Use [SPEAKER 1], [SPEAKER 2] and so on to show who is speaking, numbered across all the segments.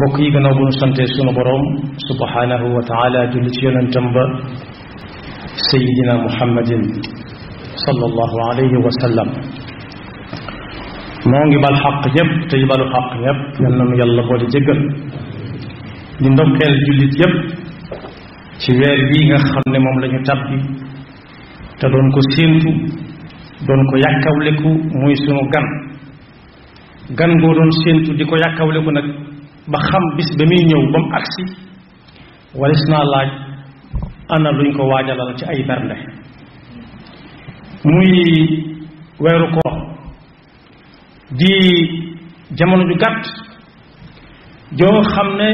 [SPEAKER 1] mbokk yi gannaaw bu ñu sunu boroom subhaanahu wa taala julli ci yonentam ba sayidina muhammadin sallallahu alayhi wa sallam moo ngi bal xaq ñépp tey balu xaq ñépp yal nañu di ndokkeel jullit yépp ci weer bii nga xam ne moom la ñu tàbbi doon ko séentu doon ko yàkkawleku muy sunu gan gan goo doon séentu di ko yàkkawleku nag ba xam bis ba muy ñëw ba mu agsi ana luñ ko waajalal ci ay bernde muy weeru koor di jamono ju gàtt joo xam ne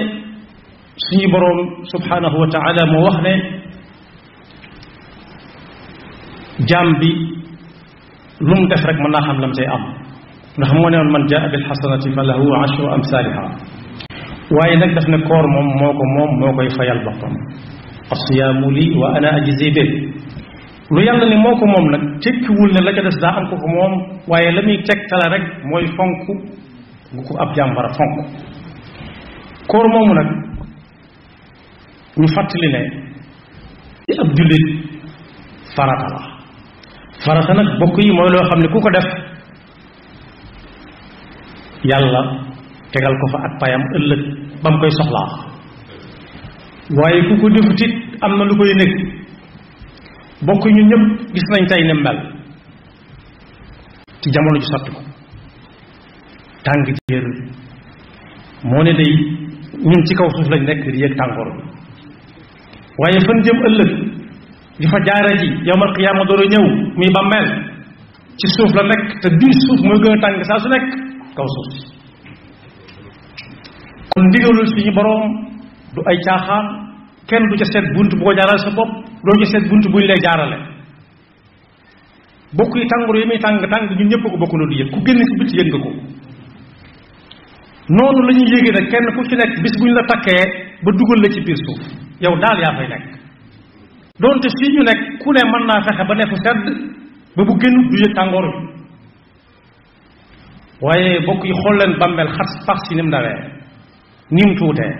[SPEAKER 1] suñu boroom subhaanahu wa moo wax ne jaam bi lu rek mën naa xam lam say am ndax ne woon man jaa bil xasanati fa lahu ashru amsaaliha waaye nag daf ne koor moom moo ko moom moo koy fayal boppam asiyaamu lii wa ana ajzi bi lu yàlla ne moo ko moom nag tekkiwul ne la ca des daa am ko ko moom waaye la muy tegtale rek mooy fonk gu ko ab jaam war fonk koor moomu nag ñu fàttali ne ci ab jullit farata la farata nag bokk yi mooy loo xam ne ku ko def yàlla tegal ko fa ak payam ëllëg ba mu koy soxlaa waaye ku ko defut it am na lu koy nekk bokkuñu ñu ñëpp gis nañ tey ne mbel ci jamono ju sotti ko tàng jéer moo ne day ñun ci kaw suuf lañ nekk di yëg tàngoor bi waaye fan jëm ëllëg di fa jaara ji yowmal qiyaama door a ñëw muy bàmmeel ci suuf la nekk te biir suuf mooy gën a tàng saa su nekk kaw suuf si kon ndigalul suñu borom du ay caaxaan kenn du ca seet bunt ko jaaral sa bopp doo ca seet bunt buñ lay jaarale bokk yi tàngoor yi muy tàng tàng ñun ñëpp ko bokkandoo di yëg ku génn si bitti yëg nga ko noonu la ñuy yéegee nag kenn ku ci nekk bis buñ la takkee ba dugal la ci biir suuf yow daal yaa fay nekk donte fii ñu nekk ku ne mën naa fexe ba ne fu sedd ba bu génn du yëg tàngoor waaye bokk yi xool leen bàmmeel xas fax si nim dawee ni mu tuutee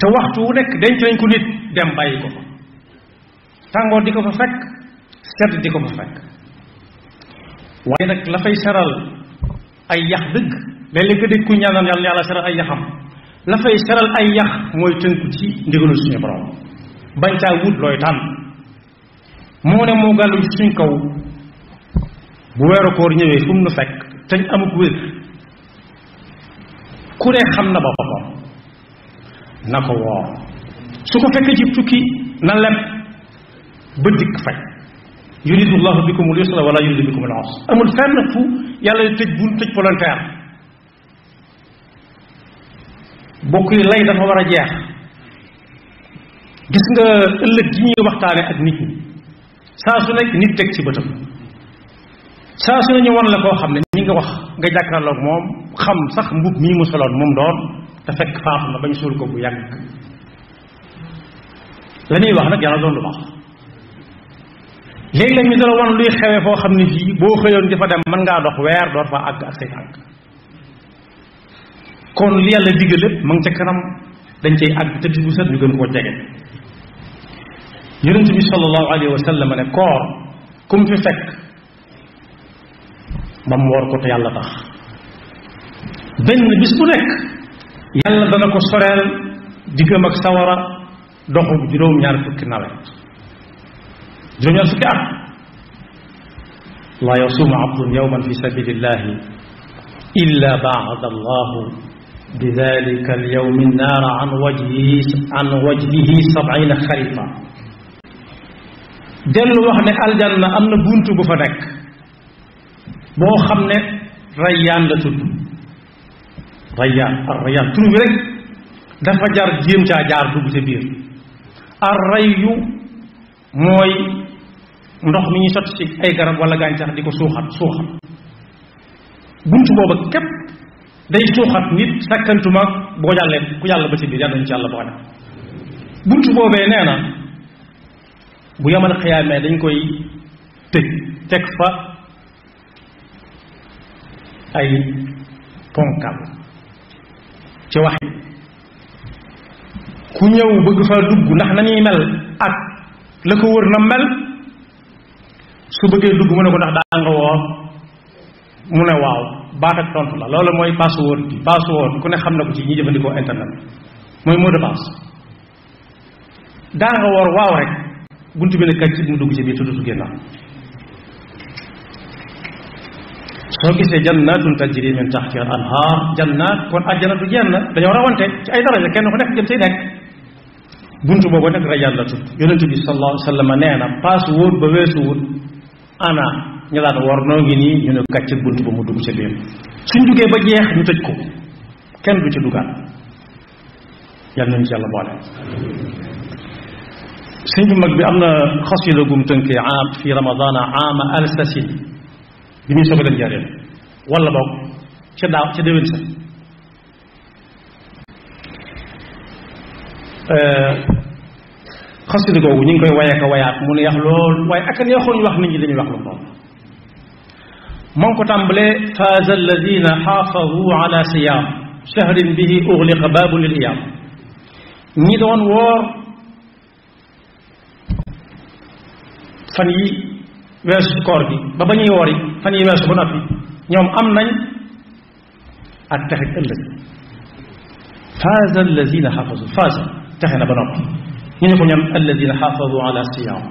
[SPEAKER 1] te waxtu wu nekk denc nañ ko nit dem bàyyi ko fa tàngoor di ko fa fekk sedd di ko fa fekk waaye nag la fay seral ay yax dëgg léeg-léeg nga dégg ku ñaanal yàlla yàlla seral ay yaxam la fay seral ay yax mooy tënku ci ndigalu suñu borom bañ caa wut looy tànn moo ne moo gàllu ci suñ kaw bu weeru koor ñëwee fu nu fekk te amut wér ku ne xam na boppam na ko woo su ko fekk ci tukki na leb ba dikk faj yuridu llahu bikumul yusra wala yuridu bikumul usra amul fenn fu yàlla di tëj bunt tëj volontaire bokk yi lay dafa war a jeex gis nga ëllëg gi ñuy waxtaane ak nit ñi saa su nekk nit teg ci bëtam saa su ne ñu wan la koo xam ne lii nga wax nga jàkkaarloog moom xam sax mbub mii mu soloon moom doon te fekk faatu na bañ suul ko bu yàgg la ñuy wax nag yàlla doon lu baax léegi-léeg dala wan luy xewee foo xam ne fii boo xëyoon di fa dem mën ngaa dox weer doo fa àgg ak say tànk kon li yàlla digg lépp ma ngi ca kanam dañ cay àgg te bis bu set ñu gën koo jege yonent bi sallallahu alayhi wa ne koor kum fi fekk ba mu war ko te yàlla tax benn bis bu nekk yàlla dana ko soreel diggam ak sawara doxu juróom-ñaar fukki nawet juróom-ñaar fukki at laa yasuumu abdun yawman fi sabilillahi illa baada allahu بذلك اليوم النار عن وجهه عن وجهه سبعين خريفا دل وخ ne aljanna am na buntu bu fa nekk boo xam ne rayyaan la tudd rayyaan ar rayyaan tur bi rek dafa jar jéem caa jaar dugg ca biir ar rayyu mooy ndox mi ñu sotti ci ay garab wala gàncax di ko suuxat suuxat bunt booba képp day suuxat nit sakkantuma boo jàllee ku jàll ba ci biir yàlla nañu ci yàlla boole bunt boobee nee na bu yamal xiyaamee dañ koy tëj fa ay ponkal ci wax ku ñëw bëgg fa dugg ndax nañuy mel ak la ko wër na mel su bëggee dugg mu ne ko ndax daa nga woor mu ne waaw baat tontu la loolu mooy password bi password ku ne xam na ko ci ñi jëfandikoo internet mooy mot de daa nga woor waaw rek bunt bi ne kaj ci mu dugg ci biir tuddutu génn soo gisee ya, jannatun tajri min tahti al anhar jannat kon aljana du jenn dañu rawante ci ay daraja kenn ku nek jëm say nek buntu boobu nag ra yalla tudd yonente bi sallallahu alayhi wasallam neena pass wor ba wessu wut ana ñu daan war no ngi ni ñu ne katch buntu ba mu dugg ci bëm suñu duggé ba jeex ñu tejj ko kenn du ci dugaat yalla ñu ci yalla boole sëñ bu mag bi amna na gum tënkee aam fi ramadan aama alsasin bi muy soog a dem ولا بوك شا داو شا دوين سا خاصني كو نين كاي وياك وياك مون ياخ لول واي اك ني خول واخ نين لي واخ لول مون كو تامبلي فاز الذين حافظوا على صيام شهر به اغلق باب للايام ني دون وور فاني ويس كوربي با باني ووري فاني ويس بو نوبي ñoom am nañ ak texe ëllëg faaza alladina xafasu faaza texe na ba noppi ñu ne ko ñoom alladina xafasu ala siyaam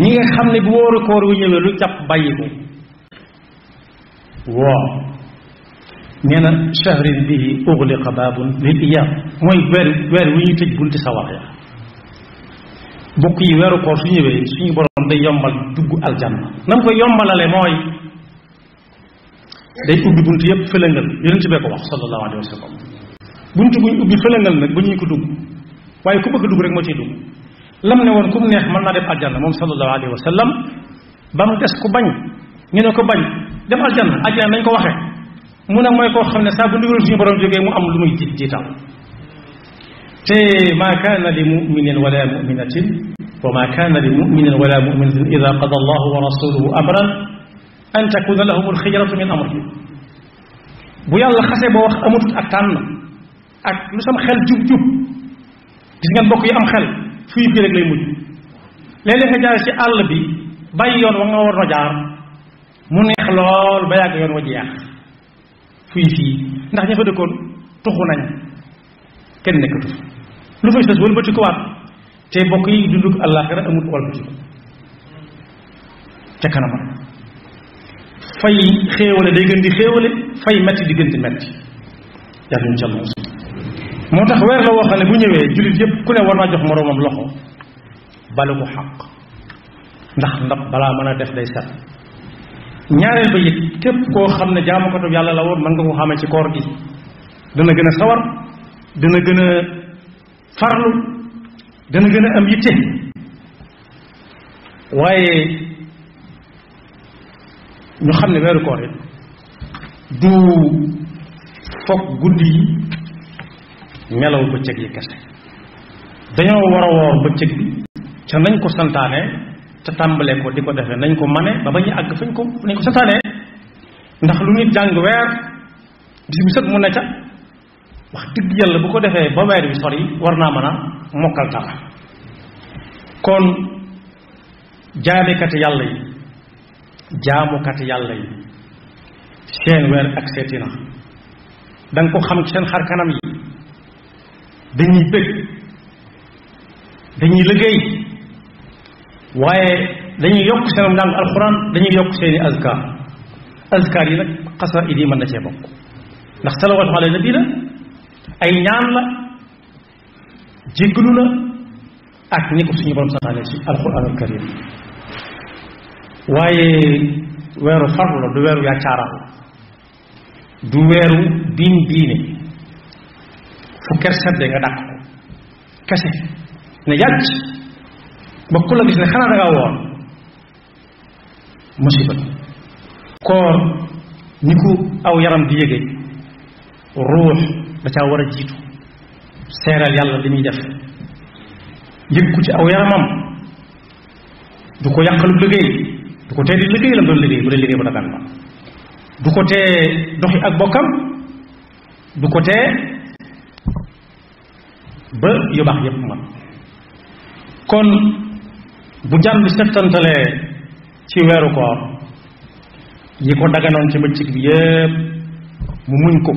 [SPEAKER 1] ñi nga xam ne bu wóoru koor wi ñëwee lu jàpp bàyyi ko waaw nee na chahrin bihi ugliqa baabun lil iyaam mooy weer weer wi ñu tëj bunti sawar ya bokk yi weeru koor su ñëwee suñu borom day yombal dugg aljanna nam ko yombalalee mooy day ubbi bunt yépp fëlëngal yonent bee ko wax sallallahu alayhi wa sallam bunt buñ ubbi fëlëngal nag ba ñuy ko dugg waaye ku bëgg dugg rek moo ciy dugg lam ne woon ku mu neex mën naa dem aljanna moom sallallahu alayhi wa sallam ba mu des ku bañ ñu ne ko bañ dem aljanna aljanna nañ ko waxee mu ne mooy koo xam ne saa bu ndigal suñu borom jógee mu am lu muy jiit jiital te maa kaana li muminin wala muminatin wa maa kaana li muminin wala muminatin ida qada allahu wa rasuluhu amran an takuna lahum alxijratu min bu yàlla xase boo wax amatut ak tànn ak lu sama xel jub jub gis ngeen bokk yi am xel fu yib gi rek lay mujj léeg-léeg nga jaar ci àll bi bàyyi yoon wa nga war na jaar mu neex lool ba yàgg yoon wa jeex fu yi fii ndax ña fa dëkkoon tuxu nañ kenn nekkatu lu fay des wëlbati te bokk yi dundug àllaaxira amut wëlbati ko fay xéewale day gën di xéewale fay metti di gën di metti yàlla ñu jàll mos moo tax weer la woo xam ne bu ñëwee jullit yépp ku ne war naa jox moroomam loxo bale mu xàq ndax ndax balaa mën a def day set ñaareel ba it képp koo xam ne jaamakatu yàlla la woon mën nga ko xamee ci koor gi dana gën a sawar dana gën a farlu dana gën a am yitte waaye ñu xam ne weeru koor it du foog guddi yi nelaw bëccëg yi kese dañoo war a woor bëccëg bi ca nañ ko santaane te tàmbalee ko di ko defee nañ ko mane ba ba ñu àgg fañ ko nañ ko santaane ndax lu nit jàng weer bis bu sëg mu ne ca wax dëgg yàlla bu ko defee ba weer bi sori war naa mën a mokkal dara kon jaamekati yàlla yi jaamukat yàlla yi seen weer ak seeti na da ko xam seen xar kanam yi dañuy bëgg dañuy liggéey waaye dañuy yokk seen ndàng alxuraan dañuy yokk seeni azkar azkar yi nag xasaid yi mën na cee bokk ndax salawaatu ala nabi la ay ñaan la jéggalu la ak ni ko suñu borom santaane ci alxuraan al karim waaye weeru farlu la du weeru yàccaaraan du weeru biiñ biine fu ker sedde nga dàq ko kese ne yàcc ba ku la gis ne xanaa dangaa woor musiba koor ni ku aw yaram di yëge ruux da caa war a jiitu seeral yàlla li muy def yëg ku ci aw yaramam du ko yàqalu liggéey du ko tee di liggéey la mu doon liggéey bu dee liggéey bu dagan la du ko tee doxi ak bokkam du ko tee ba yu baax yépp man kon bu jàmm bi settantalee ci weeru koor yi ko daganoon ci bëccëg bi yépp mu muñ ko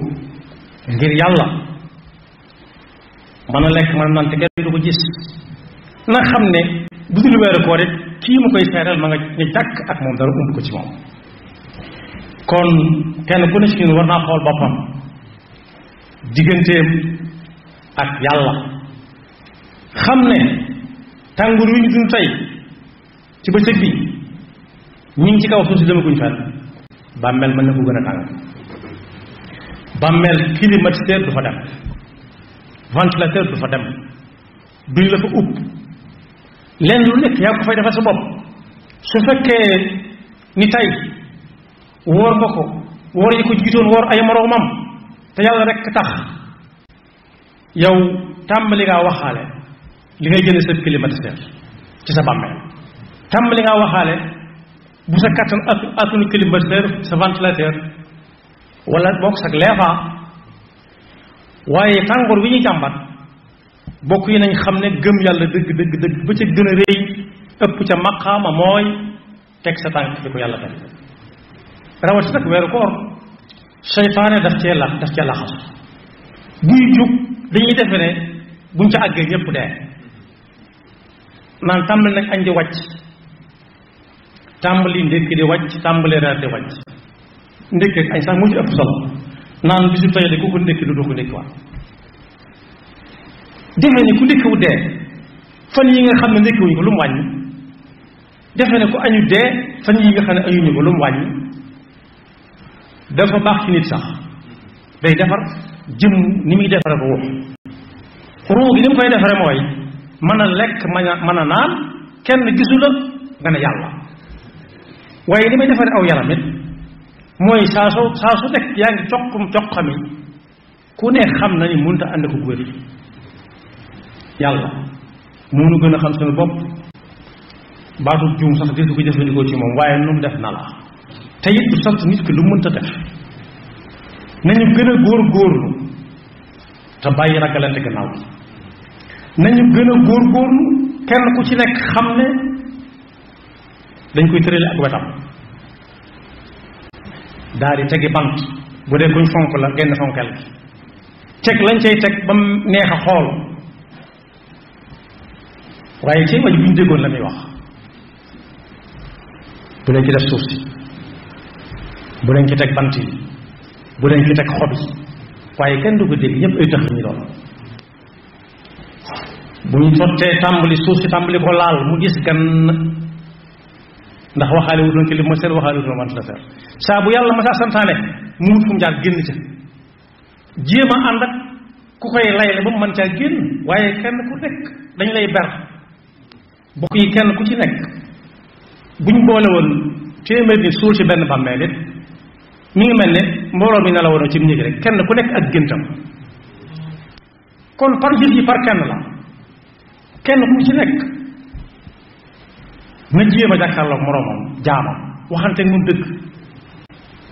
[SPEAKER 1] ngir yàlla mën a lekk mën a nante kenn du ko gis na xam ne du dul weeru koor it kii mu koy seeral ma nga ne jàkk ak moom dara umb ko ci moom kon kenn ku ne ci war naa xool boppam digganteem ak yàlla xam ne tàngur wi ñu dund tey ci bëccëg bi ñu ngi ci kaw suuf si dama demaguñ fenn bàmmeel mën na ko gën a tàng bàmmeel climatiseur du fa dem ventilateur du fa dem duñ la fa upp lenn lu nekk yaa ko fay defal sa bopp su fekkee ni tey woor nga ko woor yi ko jiitoon woor ay moroomam te yàlla rek tax yow tàmbali ngaa waxaale li ngay jëlee sa climatiseur ci sa bàmmeel tàmbali ngaa waxaale bu sa kattan ak attunu climatiseur sa ventilateur wala bokk sa leefaa waaye tàngoor wi ñuy jàmbat bokk yi nañ xam ne gëm yàlla dëgg dëgg dëgg ba ca gën a rëy ëpp ca maqaama mooy teg sa tànk fi ko yàlla teg rawatina nag weeru koor seytaane daf cee la daf cee laxas buy jóg dañuy defe ne buñ ca àggee ñëpp dee naan tàmbali nag añ di wàcc tàmbali ndékki di wàcc tàmbali reer di wàcc ndékki añ sax moo ci ëpp solo naan bisu tey de ku ko ndékki du doo ko ndékkiwaat defe ne ku ndékkiwu dee fan yi nga xam ne ndékkiwuñu ko lu mu wàññi defe ne ko añu dee fan yi nga xam ne añuñu ko lu mu wàññi dafa baax ci nit sax day defar jëm ni muy defare ko wax ruu gi ni mu koy defaree mooy mën a lekk mën a mën a naan kenn gisu la nga ne yàlla waaye li may defare aw yaram it mooy saa su saa su nekk yaa ngi coqum coqami ku ne xam na ni mënut ànd ko góor yàlla moo nu gën a xam suñu bopp baatu juum sax di ko jëfandikoo ci moom waaye nu mu def na la te it du sant nit ki lu mënta def nañu gën a góor góorlu te bàyyi ragalante gannaaw nañu gën a góor góorlu kenn ku ci nekk xam ne dañ koy tërale ak wetam daal di tegi bant bu dee kuñ fonk la genn fonkeel teg lañ cay teg ba mu neex a xool waaye ci waj buñ déggoon la muy wax bu leen ci def suuf si bu leen ci teg bant yi bu leen ci teg xob yi waaye kenn du ko dégg ñëpp ay tax ñu doon bu ñu sottee tàmbali suuf si tàmbali ko laal mu gis gan ndax waxaale wutoon ci li ma seet waxaale wutoon la seet saa bu yàlla ma saa santaane mu wut fu jaar génn ca jéem a ànd ak ku koy layle ba mu mën caa génn waaye kenn ku nekk dañ lay ber mbokk yi kenn ku ci nekk bu ñu boole woon téeméer ni ci benn bàmmeel it mi ngi mel ni mbooloo mi ne la woon ci néeg rek kenn ku nekk ak géntam kon par gis yi par kenn la kenn ku ci nekk na jéem a jàkkaarloog moroomam jaamam waxante mun dëgg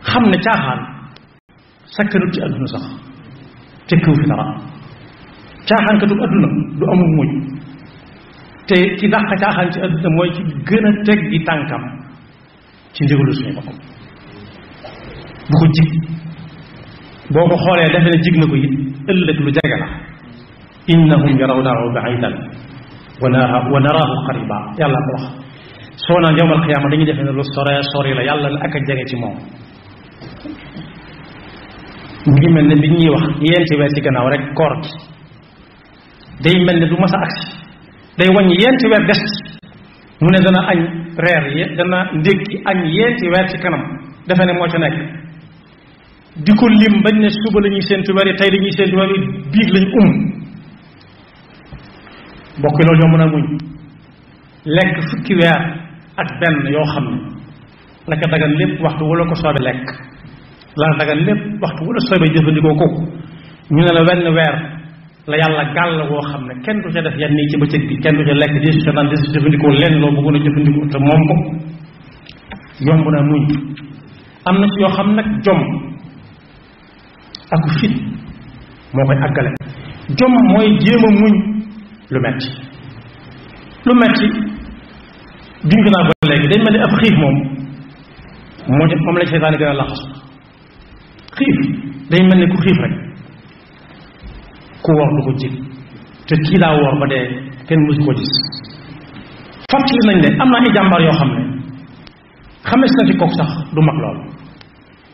[SPEAKER 1] xam ne caaxaan sakkanut ci àdduna sax tekkiwu fi dara caaxaankatub àdduna du amul muñ te ki dàq caaxaan ci àdduna mooy ki gën a teg gi tànkam ci ndigalu suñu boppam bu ko jig boo ko xoolee defe ne jig na ko it ëllëg lu jege la innahum yarawnahu baidan wa nara wa naraahu qariba yàlla ko wax soo naan yowmal qiyaama dañuy defe ne lu sore sori la yàlla la ak a jege ci moom mu ngi mel ne bi ñuy wax yenti weer ci gannaaw rek koor gi day mel ne du mas a agsi day wàññi yenti weer des mu ne dana añ reer yi dana ndékki añ yenti weer ci kanam defe ne moo ca nekk di ko lim bañ ne suba la ñuy séentu weer yi tey la ñuy séentu weer yi biig lañu um mbokk yi loolu mën naa muñ lekk fukki weer ak benn yoo xam ne la ko dagan lépp waxtu wala ko soobe lekk la dagan lépp waxtu wala soobe jëfandikoo ko ñu ne la wenn weer la yàlla la woo xam ne kenn du ca def yenn yi ci bëccëg bi kenn du ca lekk di su naan di su jëfandikoo lenn loo bëggoon a jëfandikoo te moom ko yomb na muñ am na ci yoo xam nag jom aku fit moo koy lu metti lu metti naa ko léegi dañ mel ni moom moom lañ seytaane gën a laxasu xiif dañ mel ni ku xiif rek ku woor du ko jig te kii laa woor ba dee kenn mësu ko gis fàttali nañ ne am na ay jàmbaar yoo xam ne xames na ci kooku sax du mag lool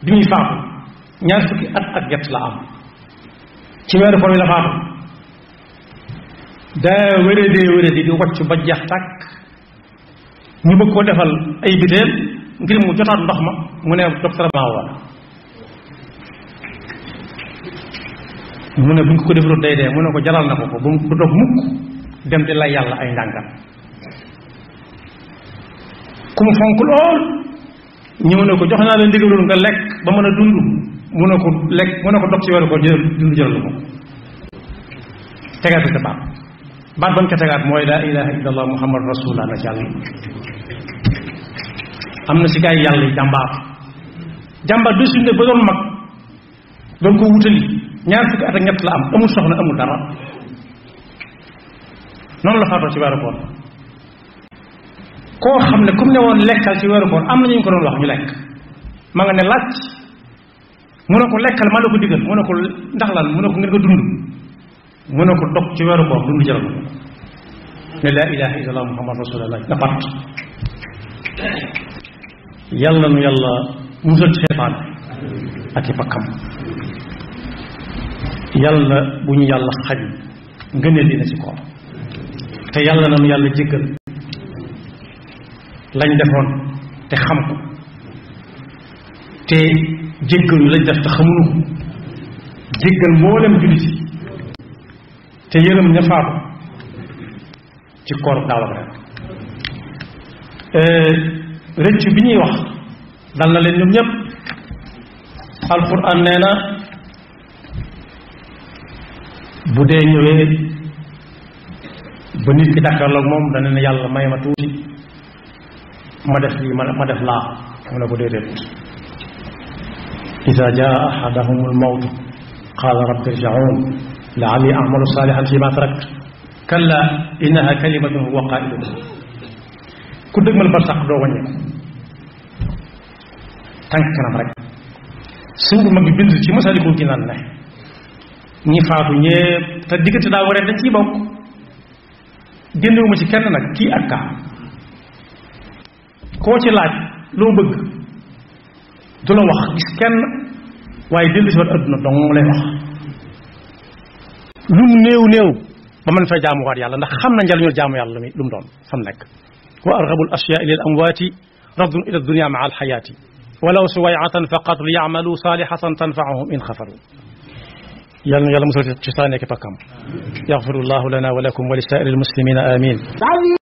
[SPEAKER 1] bi muy faatu ñaar fukki at ak gett la am ci weeru koor wi la faatu daa wéradee wéradi di wacc ba jeex tàkk ñu bëgg ko defal ay biteel ngir mu jotaat ndox ma mu ne docteur maa woon mu ne bu ñu ko defaloon day dee mu ne ko jaral na ko ko ba mu ko dog mukk dem di lay yàlla ay ndànkam ku mu fonk lool ñëw ne ko jox naa la ndigalul nga lekk ba mën a dund mu ne ko lekk mu ko dog ci weeru ko jël dund jëral ko tegaat sa baat baat ba mu ca tegaat mooy laa ilaha illa allah muhammad rasulullah na ci yàlla na si gaay yàlla yi jàmbaar jàmbaar du ne ba doon mag doon ko wutali ñaar fukki at ak ñett la am amul soxna amul dara noonu la ci weeru koor koo xam ne comme ne woon lekkal ci weeru koor am na ñu ko doon wax ñu lekk ma nga ne laaj mu ne ko lekkal ma la ko digal mu ne ko ndax lan mu ne ko ngeen ko dog ci weeru koor dund jaral ko ne laa ilaha illa allah muhammad rasulullah nga musal ci seytaane ak i bakkam yàlla bu ñu yàlla xañ ngëneel dina ci koor te yàlla na nu yàlla jéggal lañ defoon te xam ko te jéggal ñu lañ def te xamuñu ko jéggal mboolem jullit yi te yërëm ña faatu ci koor daawam rek rëccu bi ñuy wax dal na leen ñoom ñëpp alquran nee na bu dee ñëwee ba nit ki dakkarloog moom dana ne yàlla may ma tuuti ma def lii ma def laa mu ne ko déedéet ida jaa ahadahum almawtu qaala rabbi irjaun laali amalu saalihan fi ma tarakt kalla innaha kalimatun huwa qaa'iluha ku dëgmal barsàq doo wàññeeku tànk kanam rek sëñ bu mag bi bind ci Masaalikul Jinaan ne ñi faatu ñëpp te diggante daa waree dañ ciy bokk wu génnewuma ci kenn nag kii ak kaa koo ci laaj loo bëgg du la wax gis kenn waaye dellu si wat adduna dong moom lay wax lu mu néew néew ba mën fay jaamuwaat yàlla ndax xam na njariñul jaamu yàlla lu mu doon fa mu nekk wa argabu al ashyaa ila al amwati radun ila dunia maa alxayaati walaw suwayatan faqat li yamalu saalihatan tanfaahum in xafaru يلا يلا مسلسل تشتاني كيفكم يغفر الله لنا ولكم ولسائر المسلمين آمين